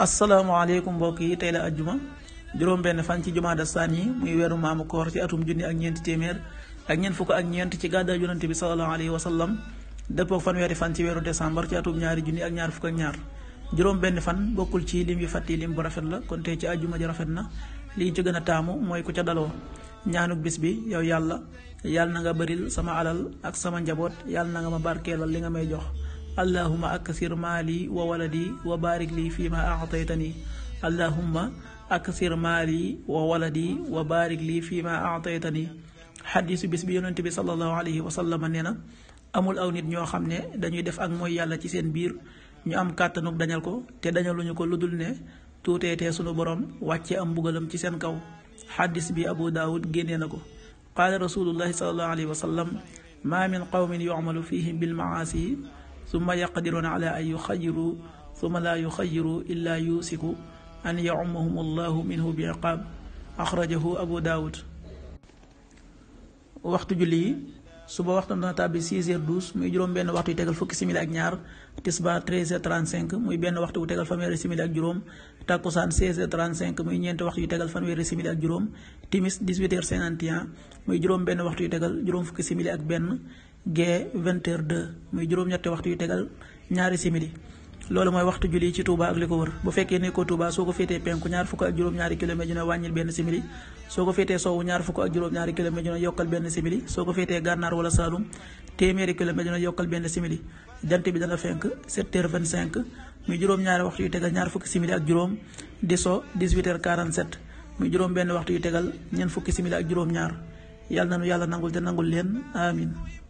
asalaamaaleykum mbokk yi tey la ajjuma juróom-benn fan ci jumaada saan yi muy weeru maamu koor ci atum junni ak ñeenti téeméer ak ñeent fukk ak ñeent ci gàddaay yonante bi sallallahu alayhi wa sallam dëppoo fanweeri fan ci weeru décembre ci atum ñaari junni ak ñaar fukk ak ñaar juróom-benn fan bokkul ci lim yu yi lim bu rafet la kon tey ci ajjuma ji rafet na lii ci gën a taamu mooy ku ca daloo ñaanuk bis bi yow yàlla yàlla na nga bëril sama alal ak sama njaboot yàlla na nga ma barkeelal li nga may jox allahuma aksir maali wa waladi wa baarik lii fii ma ataytani allahuma aksir maali wa waladi wa baarik lii fii ma ataytani xadiisu bis bi yonent bi sallallahu alayhi wa sallam nee na amul aw nit ñoo xam ne dañuy def ak mooy yàlla ci seen biir ñu am kàttanug dañal ko te dañaluñu ko lu dul ne tuuteetee sunu borom wàcce am mbugalam ci seen kaw xaddis bi abu daawud génnee na ko qaala rasulullahi sallallahu alayhi wa sallam ma min qawmin yumalu fihim bilmaasi summa yaqdiruuna ala an yuxayiru summa laa yuxayiru illaa yuusiku an yaumahum allahu minhu bi iqaab axrajahu abu daawud waxtu julli yi suba waxtam dana tàbbi 6h12 muy juróom benn waxtu yu tegal fukki simili ak ñaar tisbaar 13h35 muy benn waxtu wu tegal fanweeri simili ak juróom takkusaan 16h35 muy ñeenti waxtu yu tegal fanweeri simili ak juróom timis 18h51 muy juróom benn waxtu yu tegal juróom fukki simili ak benn gee 20h2 muy juróom ñetti waxtu yu tegal ñaari simili loolu mooy waxtu julli ci Touba ak li ko wër bu fekkee nekkoo Touba soo ko féetee penku ñaar fukk ak juróom-ñaari kilomètre dina wàññil benn simili soo ko féetee sowwu ñaar fukk ak juróom-ñaari kilomètre dina yokkal benn simili soo ko féetee gànnaar wala Saalum téeméeri kilomètre dina yokkal benn simili jant bi dana fenk 7h25 muy ñaari waxtu yu tegal ñaar fukki simili ak juróom di so 18h47 muy juróom benn waxtu yu tegal ñeent fukki simili ak juróom-ñaar yàlla na nu yàlla nangul te nangul leen amin